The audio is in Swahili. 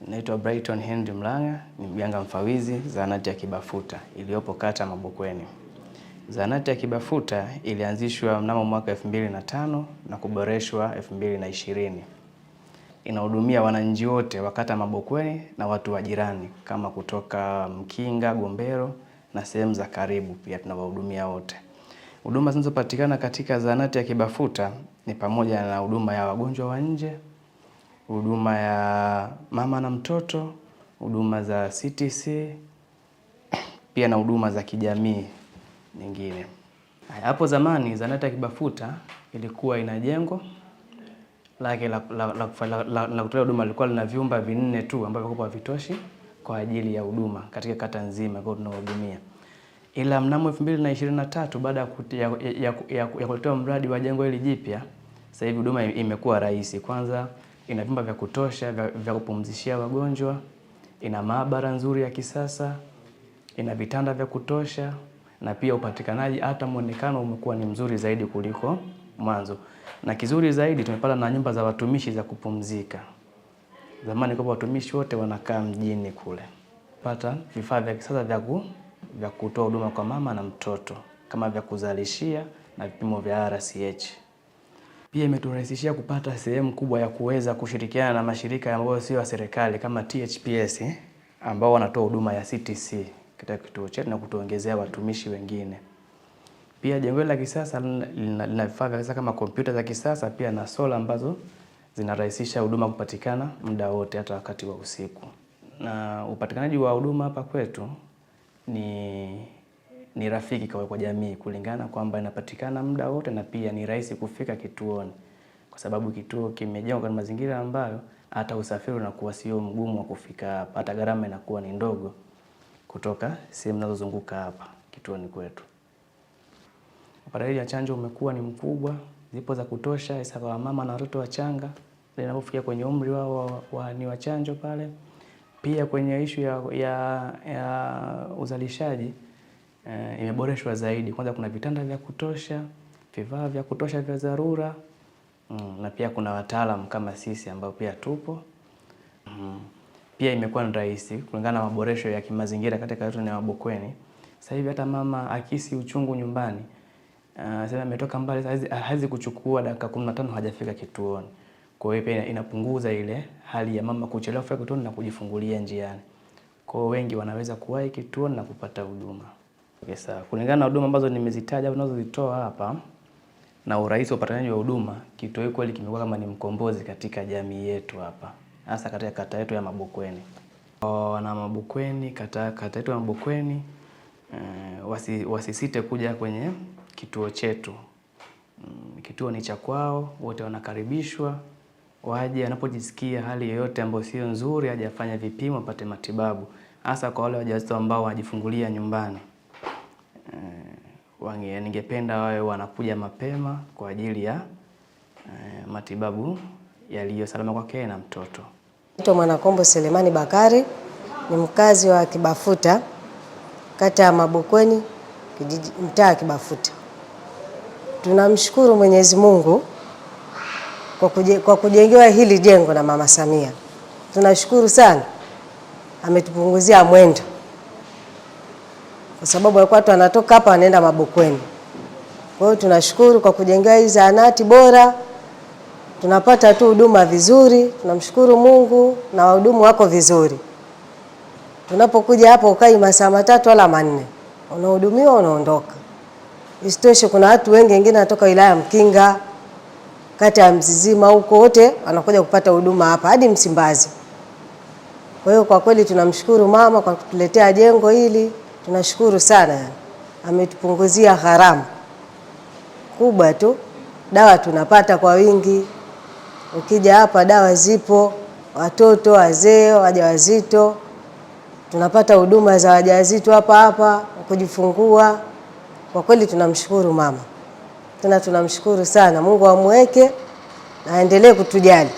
Naitwa Brighton Henry Mlang'a, ni mganga mfawizi zahanati ya Kibafuta iliyopo kata Mabokweni. Zahanati ya Kibafuta ilianzishwa mnamo mwaka 2005 na kuboreshwa 2020. Inahudumia wananchi wote wa kata Mabokweni na watu wa jirani kama kutoka Mkinga, Gombero na sehemu za karibu, pia tunawahudumia wote. Huduma zinazopatikana katika zahanati ya Kibafuta ni pamoja na huduma ya wagonjwa wa nje huduma ya mama na mtoto, huduma za CTC pia na huduma za kijamii nyingine. Hapo zamani Zahanati ya Kibafuta ilikuwa ina jengo lake la kutolea huduma, lilikuwa lina vyumba vinne tu ambavyo kwa vitoshi kwa ajili ya huduma katika kata nzima kwa tunahudumia, ila mnamo 2023 baada ya, ya, ya, ya, ya kuletewa mradi wa jengo hili jipya, sasa hivi huduma imekuwa rahisi kwanza ina vyumba vya kutosha vya, vya kupumzishia wagonjwa, ina maabara nzuri ya kisasa, ina vitanda vya kutosha na pia upatikanaji hata muonekano umekuwa ni mzuri zaidi kuliko mwanzo, na kizuri zaidi tumepata na nyumba za watumishi za kupumzika. Zamani kwa watumishi wote wanakaa mjini kule, pata vifaa vya kisasa vya vya kutoa huduma kwa mama na mtoto kama vya kuzalishia na vipimo vya RCH. Pia imeturahisishia kupata sehemu kubwa ya kuweza kushirikiana na mashirika ambayo sio ya serikali kama THPS eh, ambao wanatoa huduma ya CTC katika kituo chetu na kutuongezea watumishi wengine. Pia jengo la kisasa lina vifaa kama kompyuta za kisasa pia na sola ambazo zinarahisisha huduma kupatikana muda wote hata wakati wa usiku. Na upatikanaji wa huduma hapa kwetu ni ni rafiki kwa, kwa jamii kulingana kwamba inapatikana muda wote na pia ni rahisi kufika kituoni, kwa sababu kituo kimejengwa kwa mazingira ambayo hata usafiri unakuwa sio mgumu wa kufika hapa, hata gharama inakuwa ni ndogo kutoka sehemu zinazozunguka hapa kituoni kwetu. Upatikanaji ya chanjo umekuwa ni mkubwa, zipo za kutosha hasa kwa mama na watoto wachanga inapofikia kwenye umri wao wa, wa, ni wachanjo pale. Pia kwenye ishu ya, ya, ya uzalishaji eh, imeboreshwa zaidi. Kwanza kuna vitanda vya kutosha, vifaa vya kutosha vya dharura mm, na pia kuna wataalamu kama sisi ambao pia tupo mm. Pia imekuwa ni rahisi kulingana na maboresho ya kimazingira katika kata ya Mabokweni. Sasa hivi hata mama akisi uchungu nyumbani uh, sasa ametoka mbali, hawezi kuchukua dakika 15 hajafika kituoni. Kwa hiyo pia inapunguza ile hali ya mama kuchelewa kufika kituoni na kujifungulia njiani. Kwa hiyo wengi wanaweza kuwahi kituoni na kupata huduma. Yes, kulingana na huduma ambazo nimezitaja au ninazozitoa hapa na urahisi wa upatikanaji wa huduma, Kitoi kweli kimekuwa kama ni mkombozi katika jamii yetu hapa, hasa katika kata yetu ya Mabokweni. Wana Mabukweni, kata kata yetu ya Mabukweni eh, wasi, wasisite kuja kwenye kituo chetu. Um, kituo ni cha kwao, wote wanakaribishwa waje anapojisikia hali yoyote ambayo sio nzuri, aje afanye vipimo apate matibabu, hasa kwa wale wajawazito ambao wanajifungulia nyumbani wange, ningependa wawe wanakuja mapema kwa ajili ya eh, matibabu yaliyo salama kwake na mtoto. Mtoto Mwanakombo Selemani Bakari, ni mkazi wa Kibafuta, kata ya Mabokweni, kijiji mtaa Kibafuta. Tunamshukuru Mwenyezi Mungu kwa, kuje, kwa kujengewa hili jengo na Mama Samia. Tunashukuru sana, ametupunguzia mwendo kwa sababu alikuwa watu wanatoka hapa wanaenda Mabokweni. Kwa hiyo tunashukuru kwa kujengea hii zahanati bora, tunapata tu huduma vizuri, tunamshukuru Mungu na wahudumu wako vizuri. Tunapokuja hapo ukai masaa matatu wala manne, unahudumiwa unaondoka. Isitoshe, kuna watu wengi wengine wanatoka wilaya Mkinga, kata ya Mzizima, huko wote wanakuja kupata huduma hapa hadi Msimbazi. Kwa hiyo kwa kweli tunamshukuru mama kwa kutuletea jengo hili tunashukuru sana, ametupunguzia gharama kubwa tu. Dawa tunapata kwa wingi, ukija hapa dawa zipo, watoto, wazee, wajawazito, tunapata huduma za wajawazito hapa hapa kujifungua. Kwa kweli tunamshukuru mama, tena tunamshukuru sana. Mungu amweke na aendelee kutujali.